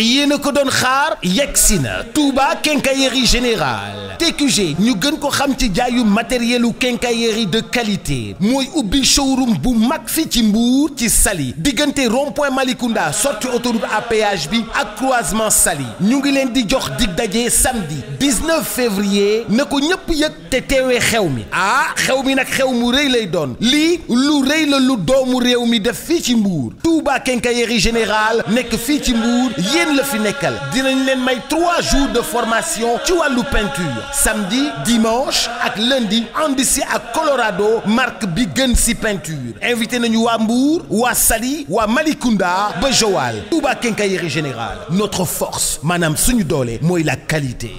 yéen a ko doon xaar yegg si na Touba quincaillerie générale TQG ñu gën ko xam ci jaayu matérielu quincaillerie de qualité mooy ubbi showroom bu mag fi ci Mbour ci sali diggante rond-point Malicounda sortie autoroute à péage bi ak croisement sali ñu ngi leen di jox dig daje samedi 19 février na ko ñëpp yëg te teewee xew mi ah xew mi nag xew mu rëy lay doon lii lu rëy la lu doomu réew mi def fii ci Mbour Touba quincaillerie secrétaire général nekk fii ci Mbour yéen la fi nekkal dinañ leen may trois jour de formation ci wàllu peinture samedi dimanche ak lundi andi si ak Colorado marque bi gën si peinture invité nañu waa Mbour waa sali waa Malicounda ba Joal Touba Quincaillerie Générale notre force maanaam suñu doole mooy la qualité